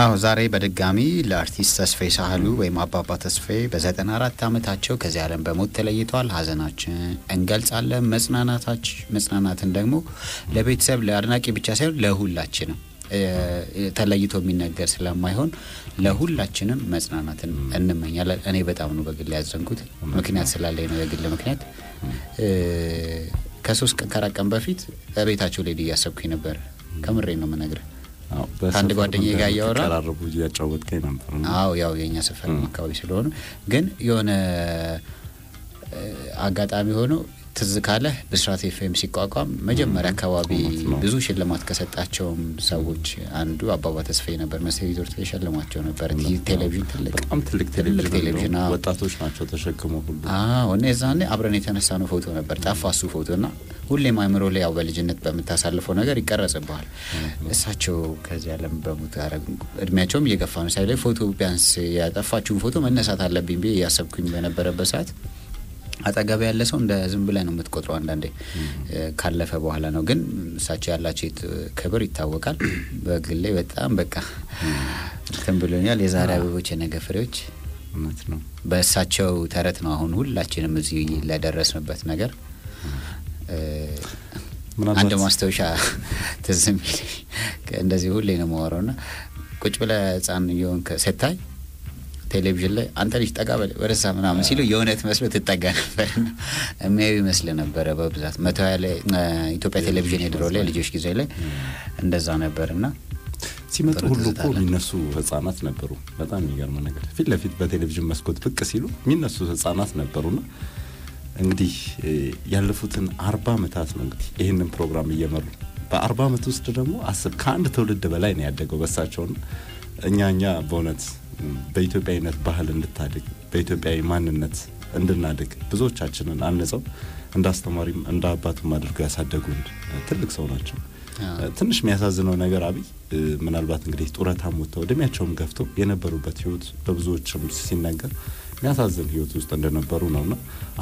አዎ ዛሬ በድጋሚ ለአርቲስት ተስፋዬ ሳህሉ ወይም አባባ ተስፋዬ በዘጠና አራት ዓመታቸው ከዚህ ዓለም በሞት ተለይተዋል። ሀዘናችን እንገልጻለን። መጽናናትን ደግሞ ለቤተሰብ ለአድናቂ ብቻ ሳይሆን ለሁላችንም ተለይቶ የሚነገር ስለማይሆን ለሁላችንም መጽናናትን እንመኛለን። እኔ በጣም ነው በግል ያዘንኩት፣ ምክንያት ስላለኝ ነው። የግል ምክንያት ከሶስት ቀን ከአራት ቀን በፊት ቤታቸው ላይ እያሰብኩኝ ነበር። ከምሬ ነው የምነግርህ ከአንድ ጓደኛ ጋር እያወራ ቀራረቡ እያጫወትከኝ ነበር። አዎ ያው የእኛ ሰፈር አካባቢ ስለሆኑ ግን የሆነ አጋጣሚ ሆኖ ትዝ ካለህ ብስራት ኤፍኤም ሲቋቋም መጀመሪያ አካባቢ ብዙ ሽልማት ከሰጣቸውም ሰዎች አንዱ አባባ ተስፋዬ ነበር። መስሪ ዞርት የሸልማቸው ነበር። ቴሌቪዥን ትልቅ በጣም ትልቅ ቴሌቪዥን ወጣቶች ናቸው ተሸክሞ ሁሉ እና የዛኔ አብረን የተነሳ ነው ፎቶ ነበር። ጠፋ እሱ ፎቶ እና ሁሌም አእምሮ ላይ ያው በልጅነት በምታሳልፈው ነገር ይቀረጽብሃል። እሳቸው ከዚህ ዓለም በሞት ያረግ እድሜያቸውም እየገፋ ነው ሳይ ላይ ፎቶ ቢያንስ ያጠፋችሁን ፎቶ መነሳት አለብኝ ብዬ እያሰብኩኝ በነበረበት ሰዓት አጠገብ ያለ ሰው እንደ ዝም ብለህ ነው የምትቆጥረው። አንዳንዴ ካለፈ በኋላ ነው ግን እሳቸው ያላቸው ክብር ይታወቃል። በግሌ በጣም በቃ እንትን ብሎኛል። የዛሬ አበቦች የነገ ፍሬዎች እውነት ነው። በእሳቸው ተረት ነው አሁን ሁላችንም እዚህ ለደረስንበት ነገር። አንድ ማስታወሻ ትዝ የሚል እንደዚህ ሁሌ ነው የማወራው እና ቁጭ ብለህ ህፃን እየሆንክ ስታይ ቴሌቪዥን ላይ አንተ ልጅ ጠጋ ወደዛ ምናምን ሲሉ የእውነት መስሎ ትጠጋ ነበር። የሚያዩ ይመስል ነበረ በብዛት መቶ ላይ ኢትዮጵያ ቴሌቪዥን የድሮ ላይ ልጆች ጊዜ ላይ እንደዛ ነበር እና ሲመጡ ሁሉ እኮ የሚነሱ ህጻናት ነበሩ። በጣም የሚገርመ ነገር ፊት ለፊት በቴሌቪዥን መስኮት ብቅ ሲሉ የሚነሱ ህጻናት ነበሩና እንግዲህ ያለፉትን አርባ ዓመታት ነው እንግዲህ ይህንን ፕሮግራም እየመሩ በአርባ ዓመት ውስጥ ደግሞ አስብ ከአንድ ትውልድ በላይ ነው ያደገው በሳቸውና እኛ እኛ በእውነት በኢትዮጵያዊነት ባህል እንድታድግ በኢትዮጵያዊ ማንነት እንድናድግ ብዙዎቻችንን አነጸው እንደ አስተማሪም እንደ አባትም አድርገው ያሳደጉን ትልቅ ሰው ናቸው። ትንሽ የሚያሳዝነው ነገር አብይ ምናልባት እንግዲህ ጡረታ ሞተው እድሜያቸውም ገፍተው የነበሩበት ህይወት በብዙዎችም ሲነገር የሚያሳዝን ህይወት ውስጥ እንደነበሩ ነውና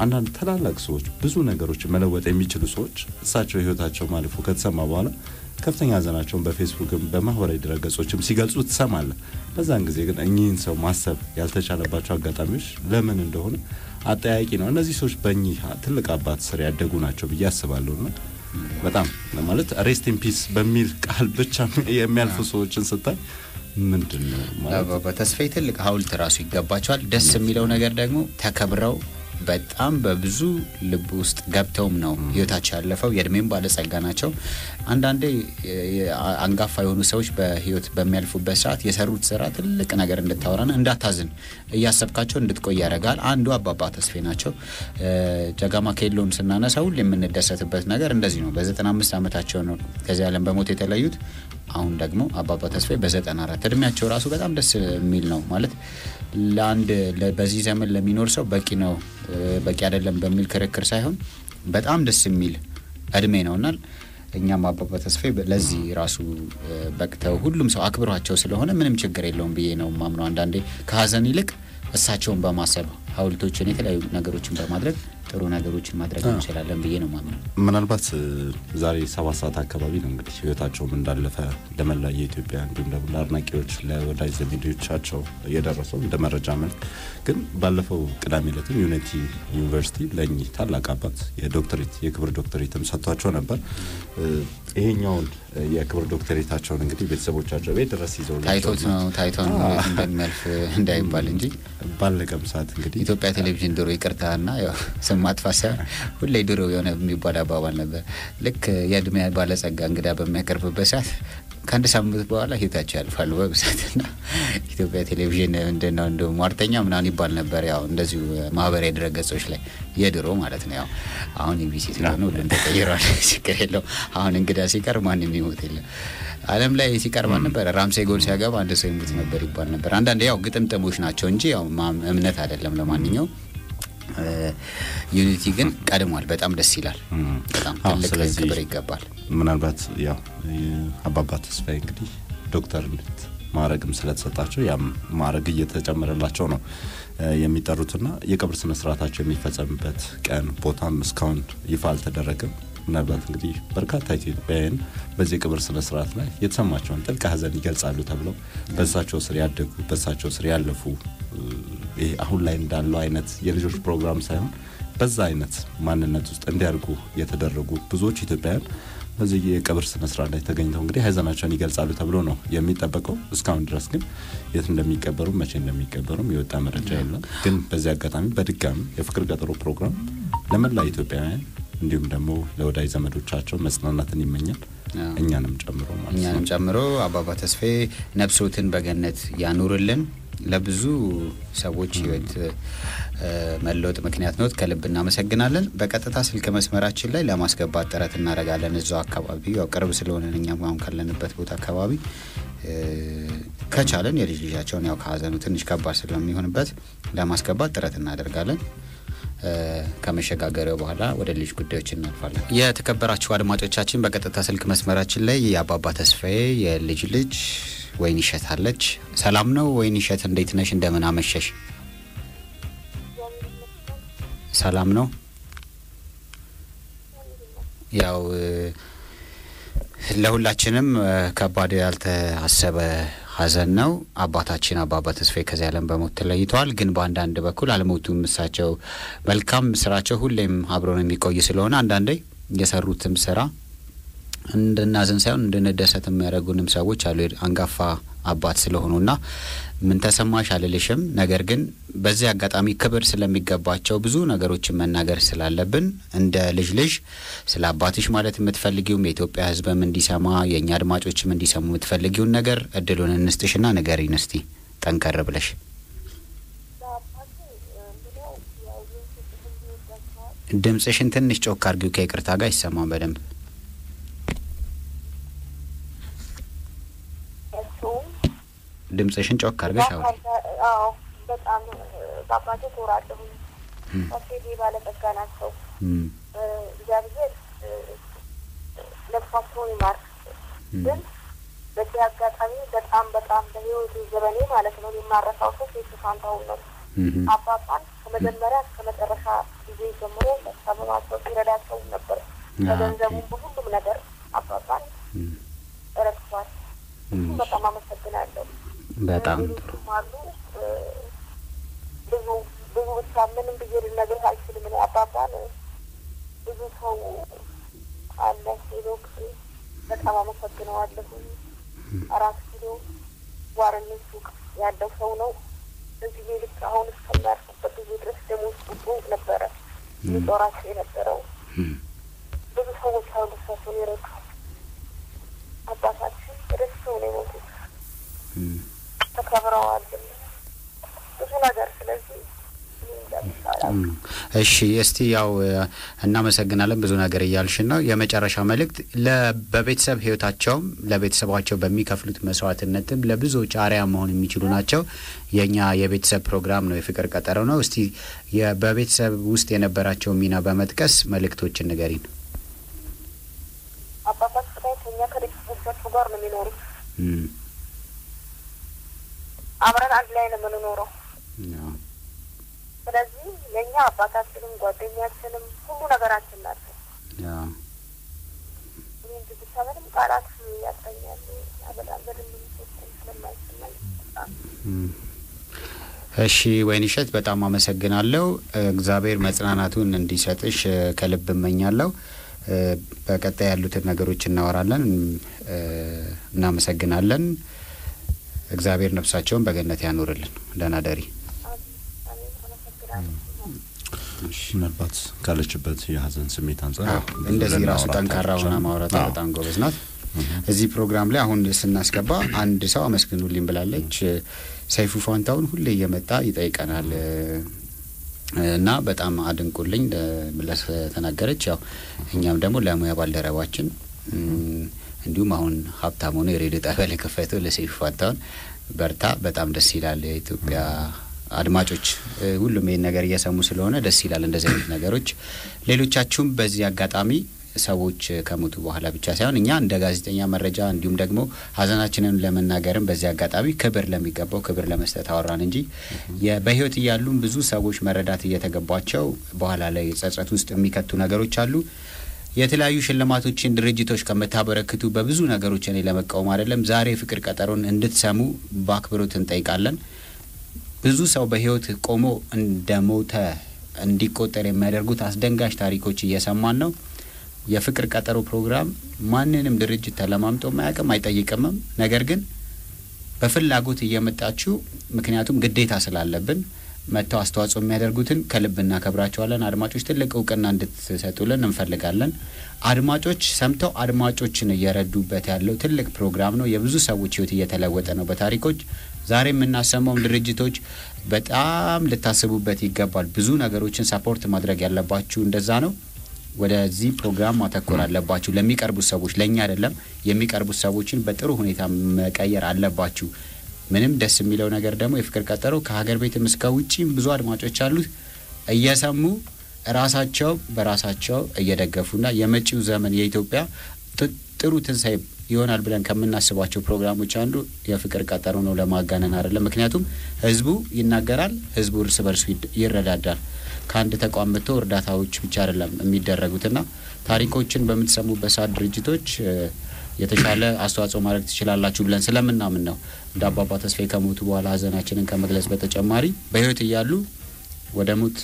አንዳንድ ታላላቅ ሰዎች ብዙ ነገሮች መለወጥ የሚችሉ ሰዎች እሳቸው ህይወታቸው ማለፉ ከተሰማ በኋላ ከፍተኛ ሀዘናቸውን በፌስቡክም በማህበራዊ ድረገጾችም ሲገልጹ ትሰማለህ። በዛን ጊዜ ግን እኚህን ሰው ማሰብ ያልተቻለባቸው አጋጣሚዎች ለምን እንደሆነ አጠያቂ ነው። እነዚህ ሰዎች በእኚህ ትልቅ አባት ስር ያደጉ ናቸው ብዬ አስባለሁ እና በጣም ማለት ሬስት ኢን ፒስ በሚል ቃል ብቻ የሚያልፉ ሰዎችን ስታይ ምንድን ነው በተስፋዬ ትልቅ ሀውልት ራሱ ይገባቸዋል። ደስ የሚለው ነገር ደግሞ ተከብረው በጣም በብዙ ልብ ውስጥ ገብተውም ነው ህይወታቸው ያለፈው። የእድሜም ባለጸጋ ናቸው። አንዳንዴ አንጋፋ የሆኑ ሰዎች በህይወት በሚያልፉበት ሰዓት የሰሩት ስራ ትልቅ ነገር እንድታወራና እንዳታዝን እያሰብካቸው እንድትቆይ ያደርጋል። አንዱ አባባ ተስፌ ናቸው። ጀጋማ ኬሎን ስናነሳ ሁሉ የምንደሰትበት ነገር እንደዚህ ነው። በ95 ዓመታቸው ነው ከዚህ ዓለም በሞት የተለዩት። አሁን ደግሞ አባባ ተስፋዬ በ94 እድሜያቸው ራሱ በጣም ደስ የሚል ነው ማለት ለአንድ በዚህ ዘመን ለሚኖር ሰው በቂ ነው በቂ አይደለም በሚል ክርክር ሳይሆን በጣም ደስ የሚል እድሜ እና እኛም አባባ ተስፋዬ ለዚህ ራሱ በቅተው ሁሉም ሰው አክብሯቸው ስለሆነ ምንም ችግር የለውም ብዬ ነው ማምነው። አንዳንዴ ከሀዘን ይልቅ እሳቸውን በማሰብ ሀውልቶችን የተለያዩ ነገሮችን በማድረግ ጥሩ ነገሮችን ማድረግ እንችላለን ብዬ ነው ማምነው። ምናልባት ዛሬ ሰባት ሰዓት አካባቢ ነው እንግዲህ ህይወታቸውም እንዳለፈ ለመላ የኢትዮጵያ እንዲሁም ደግሞ ለአድናቂዎች ለወዳጅ ዘመዶቻቸው የደረሰው እንደ መረጃ መልክ ግን ባለፈው ቅዳሜ ዕለትም ዩኒቲ ዩኒቨርሲቲ ለእኚህ ታላቅ አባት የዶክተሬት የክብር ዶክተሬትም ሰጥቷቸው ነበር። ይሄኛውን የክብር ዶክተሬታቸውን እንግዲህ ቤተሰቦቻቸው ቤት ድረስ ይዘው ታይቶት ነው ታይቶ ነው እንደሚያልፍ እንዳይባል እንጂ ባለቀም ሰዓት እንግዲህ ኢትዮጵያ ቴሌቪዥን ድሮ ይቅርታ ና ያው ማጥፋት ሳይሆን ሁሌ ድሮ የሆነ የሚባል አባባል ነበር። ልክ የእድሜ ባለጸጋ እንግዳ በሚያቀርብበት ሰዓት ከአንድ ሳምንት በኋላ ህይወታቸው ያልፋሉ በብዛትና ኢትዮጵያ ቴሌቪዥን ምንድነው እንደ ሟርተኛ ምናምን ይባል ነበር። ያው እንደዚሁ ማህበራዊ ድረገጾች ላይ የድሮ ማለት ነው። ያው አሁን ኢቢሲ ስለሆነ ሁሉም ተቀይሯል። ችግር የለው። አሁን እንግዳ ሲቀር ማን የሚሞት የለም። ዓለም ላይ ሲቀርብ ነበር። ራምሴ ጎል ሲያገባ አንድ ሰው ይሞት ነበር ይባል ነበር። አንዳንድ ያው ግጥምጥሞች ናቸው እንጂ ያው እምነት አይደለም። ለማንኛውም ዩኒቲ ግን ቀድሟል። በጣም ደስ ይላል። በጣም ትልቅ ክብር ይገባል። ምናልባት ያው አባባ ተስፋ እንግዲህ ዶክተርነት ማድረግም ስለተሰጣቸው ያም ማድረግ እየተጨመረላቸው ነው የሚጠሩትና የቅብር ስነስርዓታቸው የሚፈጸምበት ቀን ቦታም እስካሁን ይፋ አልተደረገም። ምናልባት እንግዲህ በርካታ ኢትዮጵያውያን በዚህ የቅብር ስነ ስርዓት ላይ የተሰማቸውን ጥልቅ ሀዘን ይገልጻሉ ተብለው በእሳቸው ስር ያደጉ በእሳቸው ስር ያለፉ ይሄ አሁን ላይ እንዳለው አይነት የልጆች ፕሮግራም ሳይሆን በዛ አይነት ማንነት ውስጥ እንዲያድጉ የተደረጉ ብዙዎች ኢትዮጵያውያን በዚህ የቅብር ስነ ስርዓት ላይ ተገኝተው እንግዲህ ሀዘናቸውን ይገልጻሉ ተብሎ ነው የሚጠበቀው። እስካሁን ድረስ ግን የት እንደሚቀበሩ መቼ እንደሚቀበሩም የወጣ መረጃ የለም። ግን በዚህ አጋጣሚ በድጋሚ የፍቅር ቀጠሮ ፕሮግራም ለመላ ኢትዮጵያውያን እንዲሁም ደግሞ ለወዳጅ ዘመዶቻቸው መጽናናትን ይመኛል እኛንም ጨምሮ ማለት እኛንም ጨምሮ አባባ ተስፋዬ ነብሶትን በገነት ያኑርልን ለብዙ ሰዎች ህይወት መለወጥ ምክንያት ነው። ከልብ እናመሰግናለን። በቀጥታ ስልክ መስመራችን ላይ ለማስገባት ጥረት እናደርጋለን። እዛው አካባቢ ያው ቅርብ ስለሆነ እኛም አሁን ካለንበት ቦታ አካባቢ ከቻለን የልጅ ልጃቸውን ያው ከሀዘኑ ትንሽ ከባድ ስለሚሆንበት ለማስገባት ጥረት እናደርጋለን። ከመሸጋገሪያው በኋላ ወደ ሌሎች ጉዳዮች እናልፋለን። የተከበራችሁ አድማጮቻችን በቀጥታ ስልክ መስመራችን ላይ የአባባ ተስፋዬ የልጅ ልጅ ወይን ይሸት አለች። ሰላም ነው ወይን ይሸት፣ እንዴት ነሽ? እንደምን አመሸሽ? ሰላም ነው። ያው ለሁላችንም ከባድ ያልተአሰበ ሀዘን ነው። አባታችን አባባ ተስፋዬ ከዚህ ዓለም በሞት ተለይተዋል። ግን በአንዳንድ በኩል አልሞቱም። እሳቸው መልካም ስራቸው ሁሌም አብረን የሚቆይ ስለሆነ አንዳንዴ የሰሩትም ስራ እንድናዝን ሳይሆን እንድንደሰት የሚያደርጉንም ሰዎች አሉ አንጋፋ አባት ስለሆኑና ምን ተሰማሽ አልልሽም። ነገር ግን በዚህ አጋጣሚ ክብር ስለሚገባቸው ብዙ ነገሮችን መናገር ስላለብን እንደ ልጅ ልጅ ስለ አባትሽ ማለት የምትፈልጊውም የኢትዮጵያ ሕዝብም እንዲሰማ የእኛ አድማጮችም እንዲሰሙ የምትፈልጊውን ነገር እድሉን እንስጥሽና ንገሪን እስቲ ጠንከር ብለሽ ድምጽሽን ትንሽ ጮክ አርጊው፣ ከይቅርታ ጋር ይሰማን በደንብ ድምጽሽን ጮክ አድርገሽ አውሪ። አዎ በጣም በአባቴ ኮራለሁ። አባቴ ባለጸጋ ናቸው። እግዚአብሔር ለቅሷቸውን ይማር። ግን በዚህ አጋጣሚ በጣም በጣም በህይወቱ ዘበኔ ማለት ነው የማረሳው ሰው ሴቱ ፋንታውን ነው። አባባን ከመጀመሪያ ከመጨረሻ ጊዜ ጀምሮ መሳበባቸው ሲረዳቸው ነበር። በገንዘቡም በሁሉም ነገር አባባን ረድቷል። በጣም አመሰ በጣም ጥሩ ብዙ ብዙ ብቻ ምንም ብዬ ልነገር አልችልም። ምን አባባል ብዙ ሰው አለ። ሄኖክ በጣም አመሰግነዋለሁ። አራት ኪሎ ዋርነት ሱቅ ያለው ሰው ነው። እዚህ ልክ አሁን እስከሚያርፍበት ጊዜ ድረስ ደሞዝ ቁጡ ነበረ ጦራቸው የነበረው ብዙ ሰዎች አሉ። ሰሱን ይረዱ አባታችን ረስተው ነው የሞቱት። ተከብረዋል ብዙ ነገር። ስለዚህ እሺ እስቲ ያው እናመሰግናለን። ብዙ ነገር እያልሽ ነው። የመጨረሻ መልእክት በቤተሰብ ህይወታቸውም ለቤተሰባቸው በሚከፍሉት መስዋዕትነትም ለብዙ ጫሪያ መሆን የሚችሉ ናቸው። የእኛ የቤተሰብ ፕሮግራም ነው፣ የፍቅር ቀጠሮ ነው። እስቲ በቤተሰብ ውስጥ የነበራቸው ሚና በመጥቀስ መልእክቶችን ንገሪን። አባታችን ከኛ ከቤተሰቦቻቸው ጋር ነው የሚኖሩት አብረን አንድ ላይ ነው የምንኖረው። ስለዚህ ለእኛ አባታችንም ጓደኛችንም ሁሉ ነገራችን ናቸው። እንጂ ብቻ ምንም ቃላት ያስረኛል። በጣም በደንብ ሚሰጠኝ እሺ ወይንሸት በጣም አመሰግናለሁ። እግዚአብሔር መጽናናቱን እንዲሰጥሽ ከልብ እመኛለሁ። በቀጣይ ያሉትን ነገሮች እናወራለን። እናመሰግናለን። እግዚአብሔር ነፍሳቸውን በገነት ያኖርልን። ደህና ደሪ ምናልባት ካለችበት የሀዘን ስሜት አንጻር እንደዚህ ራሱ ጠንካራ ሆና ማውራት በጣም ጎበዝ ናት። እዚህ ፕሮግራም ላይ አሁን ስናስገባ አንድ ሰው አመስግኑልኝ ብላለች። ሰይፉ ፋንታውን ሁሌ እየመጣ ይጠይቀናል እና በጣም አድንቁልኝ ብላ ተናገረች። ያው እኛም ደግሞ ለሙያ ባልደረባችን እንዲሁም አሁን ሀብታም ሆኖ የሬዲዮ ጣቢያ ላይ ከፈተው ለሰይፉ ፋንታሁን በርታ፣ በጣም ደስ ይላል። የኢትዮጵያ አድማጮች ሁሉም ይህን ነገር እየሰሙ ስለሆነ ደስ ይላል። እንደዚህ አይነት ነገሮች ሌሎቻችሁም በዚህ አጋጣሚ ሰዎች ከሞቱ በኋላ ብቻ ሳይሆን እኛ እንደ ጋዜጠኛ መረጃ እንዲሁም ደግሞ ሀዘናችንን ለመናገርም በዚህ አጋጣሚ ክብር ለሚገባው ክብር ለመስጠት አወራን እንጂ በህይወት እያሉም ብዙ ሰዎች መረዳት እየተገቧቸው በኋላ ላይ ጸጸት ውስጥ የሚከቱ ነገሮች አሉ። የተለያዩ ሽልማቶችን ድርጅቶች ከምታበረክቱ በብዙ ነገሮች እኔ ለመቃወም አይደለም። ዛሬ ፍቅር ቀጠሮን እንድትሰሙ በአክብሮት እንጠይቃለን። ብዙ ሰው በህይወት ቆሞ እንደሞተ እንዲቆጠር የሚያደርጉት አስደንጋጭ ታሪኮች እየሰማን ነው። የፍቅር ቀጠሮ ፕሮግራም ማንንም ድርጅት ተለማምጦ ማያውቅም አይጠይቅምም። ነገር ግን በፍላጎት እየመጣችሁ ምክንያቱም ግዴታ ስላለብን መጥተው አስተዋጽኦ የሚያደርጉትን ከልብ እናከብራቸዋለን። አድማጮች ትልቅ እውቅና እንድትሰጡልን እንፈልጋለን። አድማጮች ሰምተው አድማጮችን እየረዱበት ያለው ትልቅ ፕሮግራም ነው። የብዙ ሰዎች ህይወት እየተለወጠ ነው በታሪኮች ዛሬ የምናሰማውም ድርጅቶች በጣም ልታስቡበት ይገባል። ብዙ ነገሮችን ሰፖርት ማድረግ ያለባችሁ እንደዛ ነው። ወደዚህ ፕሮግራም ማተኮር አለባችሁ። ለሚቀርቡት ሰዎች ለእኛ አይደለም፣ የሚቀርቡት ሰዎችን በጥሩ ሁኔታ መቀየር አለባችሁ። ምንም ደስ የሚለው ነገር ደግሞ የፍቅር ቀጠሮ ከሀገር ቤትም እስከ ውጪም ብዙ አድማጮች አሉት እየሰሙ ራሳቸው በራሳቸው እየደገፉና የመጪው ዘመን የኢትዮጵያ ጥሩ ትንሳኤ ይሆናል ብለን ከምናስባቸው ፕሮግራሞች አንዱ የፍቅር ቀጠሮ ነው። ለማጋነን አይደለም። ምክንያቱም ህዝቡ ይናገራል፣ ህዝቡ እርስ በርሱ ይረዳዳል። ከአንድ ተቋም መጥቶ እርዳታዎች ብቻ አይደለም የሚደረጉትና ታሪኮችን በምትሰሙበት ሰዓት ድርጅቶች የተሻለ አስተዋጽኦ ማድረግ ትችላላችሁ ብለን ስለምናምን ነው። እንደ አባባ ተስፋዬ ከሞቱ በኋላ ሀዘናችንን ከመግለጽ በተጨማሪ በህይወት እያሉ ወደ ሞት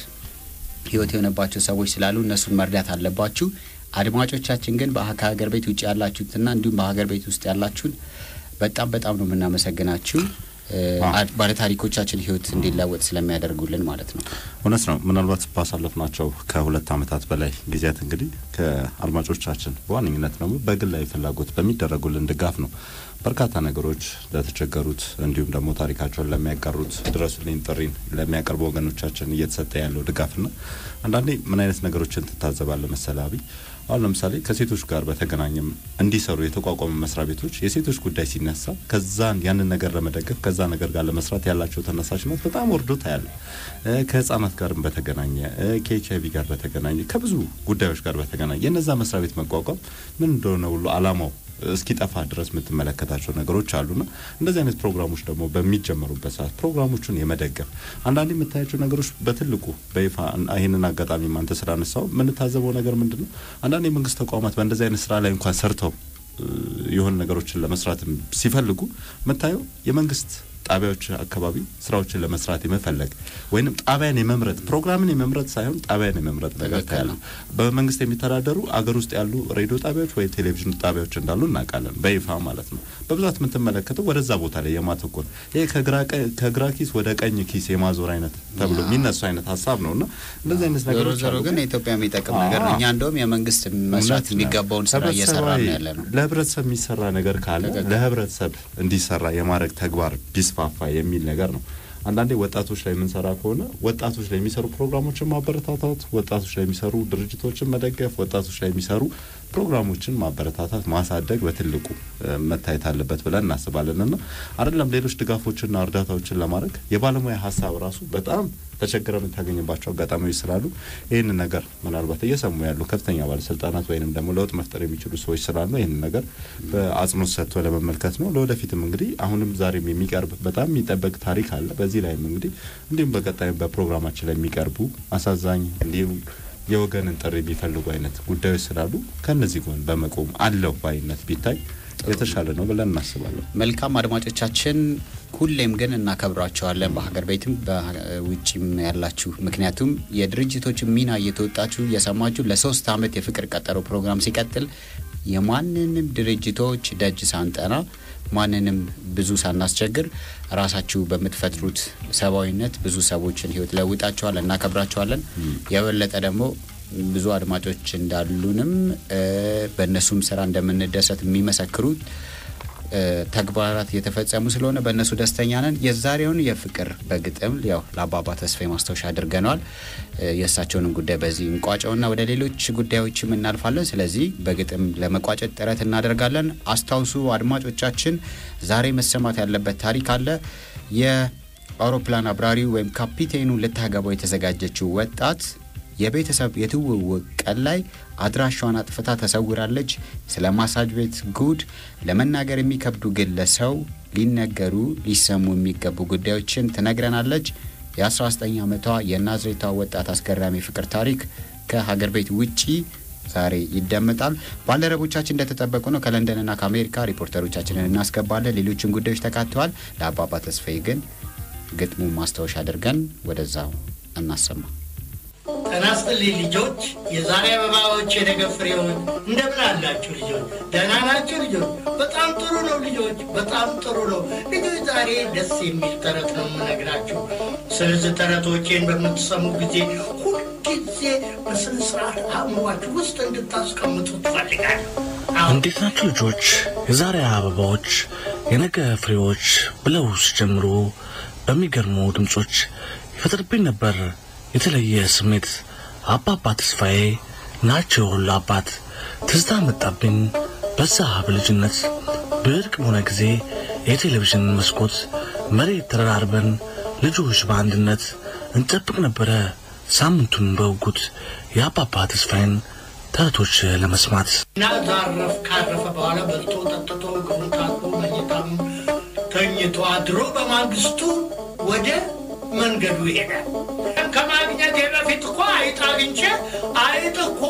ህይወት የሆነባቸው ሰዎች ስላሉ እነሱን መርዳት አለባችሁ። አድማጮቻችን ግን ከሀገር ቤት ውጭ ያላችሁትና እንዲሁም በሀገር ቤት ውስጥ ያላችሁን በጣም በጣም ነው የምናመሰግናችሁ። ባለታሪኮቻችን ህይወት እንዲለወጥ ስለሚያደርጉልን ማለት ነው። እውነት ነው። ምናልባት ናቸው ከሁለት አመታት በላይ ጊዜያት እንግዲህ ከአድማጮቻችን በዋነኝነት ደግሞ በግላዊ ፍላጎት በሚደረጉልን ድጋፍ ነው በርካታ ነገሮች ለተቸገሩት እንዲሁም ደግሞ ታሪካቸውን ለሚያጋሩት ድረሱልኝ ጥሪን ለሚያቀርቡ ወገኖቻችን እየተሰጠ ያለው ድጋፍና አንዳንዴ ምን አይነት ነገሮችን ትታዘባለ መሰላቢ አሁን ለምሳሌ ከሴቶች ጋር በተገናኘም እንዲሰሩ የተቋቋሙ መስሪያ ቤቶች የሴቶች ጉዳይ ሲነሳ ከዛን ያንን ነገር ለመደገፍ ከዛ ነገር ጋር ለመስራት ያላቸው ተነሳሽነት በጣም ወርዶ ታያለ። ከህጻናት ጋርም በተገናኘ ከኤች አይቪ ጋር በተገናኘ ከብዙ ጉዳዮች ጋር በተገናኘ የነዛ መስሪያ ቤት መቋቋም ምን እንደሆነ ሁሉ አላማው እስኪጠፋ ድረስ የምትመለከታቸው ነገሮች አሉና እንደዚህ አይነት ፕሮግራሞች ደግሞ በሚጀመሩበት ሰዓት ፕሮግራሞቹን የመደገፍ አንዳንድ የምታያቸው ነገሮች በትልቁ በይፋ ይህንን አጋጣሚ አንተ ስላነሳው የምንታዘበው ነገር ምንድን ነው? አንዳንድ የመንግስት ተቋማት በእንደዚህ አይነት ስራ ላይ እንኳን ሰርተው የሆኑ ነገሮችን ለመስራት ሲፈልጉ የምታየው የመንግስት ጣቢያዎች አካባቢ ስራዎችን ለመስራት የመፈለግ ወይንም ጣቢያን የመምረጥ ፕሮግራምን የመምረጥ ሳይሆን ጣቢያን የመምረጥ ነገር ያለ በመንግስት የሚተዳደሩ አገር ውስጥ ያሉ ሬዲዮ ጣቢያዎች ወይ ቴሌቪዥን ጣቢያዎች እንዳሉ እናውቃለን፣ በይፋ ማለት ነው። በብዛት የምትመለከተው ወደዛ ቦታ ላይ የማተኮር ይሄ ከግራ ኪስ ወደ ቀኝ ኪስ የማዞር አይነት ተብሎ የሚነሱ አይነት ሀሳብ ነው እና እንደዚህ አይነት ነገሮች ዞሮ ግን ኢትዮጵያ የሚጠቅም ነገር ነው። እኛ እንደውም የመንግስት መስራት የሚገባውን ስራ እየሰራ ነው ያለ ነው። ለህብረተሰብ የሚሰራ ነገር ካለ ለህብረተሰብ እንዲሰራ የማድረግ ተግባር ቢስፋ ቢስፋፋ የሚል ነገር ነው። አንዳንዴ ወጣቶች ላይ የምንሰራ ከሆነ ወጣቶች ላይ የሚሰሩ ፕሮግራሞችን ማበረታታት፣ ወጣቶች ላይ የሚሰሩ ድርጅቶችን መደገፍ፣ ወጣቶች ላይ የሚሰሩ ፕሮግራሞችን ማበረታታት ማሳደግ በትልቁ መታየት አለበት ብለን እናስባለን ና አይደለም ሌሎች ድጋፎችና እርዳታዎችን ለማድረግ የባለሙያ ሀሳብ ራሱ በጣም ተቸግረ የምታገኝባቸው አጋጣሚዎች ስላሉ ይህንን ነገር ምናልባት እየሰሙ ያሉ ከፍተኛ ባለስልጣናት ወይንም ደግሞ ለውጥ መፍጠር የሚችሉ ሰዎች ስላሉ ይህንን ነገር በአጽንኦት ሰጥቶ ለመመልከት ነው። ለወደፊትም እንግዲህ አሁንም ዛሬም የሚቀርብ በጣም የሚጠበቅ ታሪክ አለ። በዚህ ላይም እንግዲህ እንዲሁም በቀጣይ በፕሮግራማችን ላይ የሚቀርቡ አሳዛኝ እንዲሁም የወገንን ጥሪ የሚፈልጉ አይነት ጉዳዮች ስላሉ ከነዚህ ጎን በመቆም አለው ባይነት ቢታይ የተሻለ ነው ብለን እናስባለን። መልካም አድማጮቻችን፣ ሁሌም ግን እናከብራቸዋለን፣ በሀገር ቤትም በውጭም ያላችሁ። ምክንያቱም የድርጅቶች ሚና እየተወጣችሁ እየሰማችሁ ለሶስት ዓመት የፍቅር ቀጠሮ ፕሮግራም ሲቀጥል የማንንም ድርጅቶች ደጅ ሳንጠና ማንንም ብዙ ሳናስቸግር ራሳችሁ በምትፈጥሩት ሰብአዊነት ብዙ ሰዎችን ህይወት ለውጣቸዋል፣ እናከብራቸዋለን። የበለጠ ደግሞ ብዙ አድማጮች እንዳሉንም በእነሱም ስራ እንደምንደሰት የሚመሰክሩት ተግባራት የተፈጸሙ ስለሆነ በእነሱ ደስተኛ ነን። የዛሬውን የፍቅር በግጥም ያው ለአባባ ተስፋ ማስታወሻ አድርገነዋል። የእሳቸውንም ጉዳይ በዚህ እንቋጨውና ወደ ሌሎች ጉዳዮችም እናልፋለን። ስለዚህ በግጥም ለመቋጨት ጥረት እናደርጋለን። አስታውሱ አድማጮቻችን፣ ዛሬ መሰማት ያለበት ታሪክ አለ። የአውሮፕላን አብራሪው ወይም ካፒቴኑ ልታገባው የተዘጋጀችው ወጣት የቤተሰብ የትውውቅ ቀን ላይ አድራሿን አጥፍታ ተሰውራለች። ስለ ማሳጅ ቤት ጉድ ለመናገር የሚከብዱ ግን ለሰው ሊነገሩ ሊሰሙ የሚገቡ ጉዳዮችን ትነግረናለች። የ19 ዓመቷ የናዝሬቷ ወጣት አስገራሚ ፍቅር ታሪክ ከሀገር ቤት ውጪ ዛሬ ይደመጣል። ባልደረቦቻችን እንደተጠበቁ ነው። ከለንደንና ከአሜሪካ ሪፖርተሮቻችንን እናስገባለን። ሌሎችን ጉዳዮች ተካተዋል። ለአባባ ተስፋዬ ግን ግጥሙ ማስታወሻ አድርገን ወደዛው እናሰማ። ጤና ይስጥልኝ ልጆች፣ የዛሬ አበባዎች የነገ ፍሬዎች እንደምን አላችሁ ልጆች? ደህና ናችሁ ልጆች? በጣም ጥሩ ነው ልጆች፣ በጣም ጥሩ ነው ልጆች። ዛሬ ደስ የሚል ተረት ነው የምነግራችሁ። ስለዚህ ተረቶቼን በምትሰሙ ጊዜ ሁልጊዜ በስነ ስርዓት አእምሯችሁ ውስጥ እንድታስቀምጡ ትፈልጋለሁ። እንዴት ናችሁ ልጆች? የዛሬ አበባዎች የነገ ፍሬዎች ብለው ሲጀምሩ በሚገርሙ ድምፆች ይፈጥርብኝ ነበር የተለየ ስሜት አባባ ተስፋዬ ናቸው ሁሉ አባት ትዝታ መጣብኝ በዛ በልጅነት ብርቅ በሆነ ጊዜ የቴሌቪዥን መስኮት መሬት ተረራርበን ልጆች በአንድነት እንጠብቅ ነበረ ሳምንቱን በውጉት የአባባ ተስፋዬን ተረቶች ለመስማት እና ካረፈ በኋላ በልቶ ጠጥቶ ግቡ መኝታም ተኝቶ አድሮ በማግስቱ ወደ መንገዱ ይሄዳል። ከማግኘት በፊት እኮ አይጥ አግኝቼ አይጥ እኮ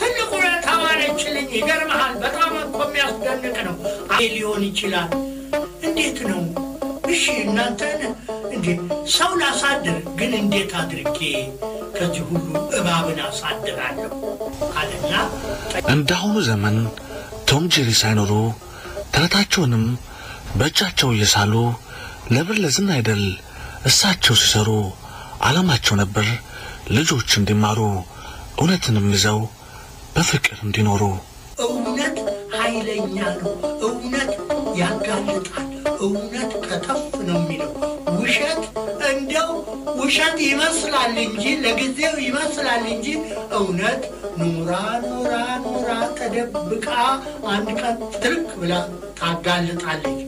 ትልቅ ውለታ ዋለችልኝ። ይገርመሃል፣ በጣም እኮ የሚያስደንቅ ነው። አይ ሊሆን ይችላል። እንዴት ነው እሺ? እናንተን እንዴ ሰው ላሳድር፣ ግን እንዴት አድርጌ ከዚህ ሁሉ እባብን አሳድራለሁ አለና እንዳሁኑ ዘመን ቶም ጄሪ ሳይኖሩ ተረታቸውንም በእጃቸው እየሳሉ ለብር ለዝና አይደል እሳቸው ሲሰሩ ዓላማቸው ነበር ልጆች እንዲማሩ እውነትንም ይዘው በፍቅር እንዲኖሩ። እውነት ኃይለኛ ነው። እውነት ያጋልጣል። እውነት ከተፍ ነው የሚለው ውሸት እንደው ውሸት ይመስላል እንጂ ለጊዜው ይመስላል እንጂ እውነት ኑራ ኑራ ኑራ ተደብቃ አንድ ቀን ትርክ ብላ ታጋልጣለች።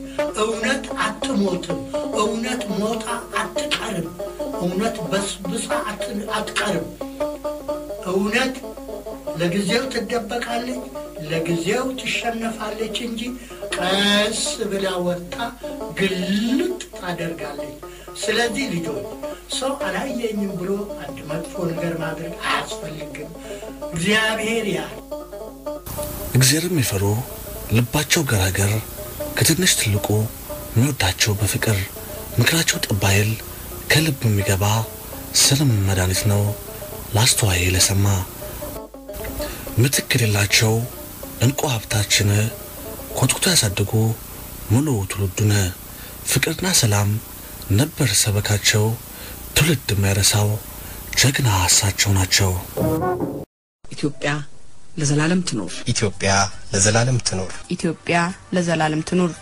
እውነት አትሞትም። እውነት ሞታ አትቀርም። እውነት በስብሳ አትቀርም። እውነት ለጊዜው ትደበቃለች፣ ለጊዜው ትሸነፋለች እንጂ ቀስ ብላ ወጣ ግልጥ ታደርጋለች። ስለዚህ ልጆች ሰው አላየኝም ብሎ አንድ መጥፎ ነገር ማድረግ አያስፈልግም። እግዚአብሔር ያል እግዚአብሔርም የሚፈሩ ልባቸው ገራገር ከትንሽ ትልቁ የሚወዳቸው በፍቅር ምክራቸው ጠባይል ከልብ የሚገባ ስርም መድኃኒት ነው ላስተዋይ ለሰማ ምትክ የሌላቸው እንቁ ሀብታችን ኮትኩቶ ያሳድጉ ሙሉ ትውልዱን ፍቅርና ሰላም ነበር ሰበካቸው ትውልድ የማይረሳው ጀግና አሳቸው ናቸው። ኢትዮጵያ ለዘላለም ትኑር! ኢትዮጵያ ለዘላለም ትኑር! ኢትዮጵያ ለዘላለም ትኑር!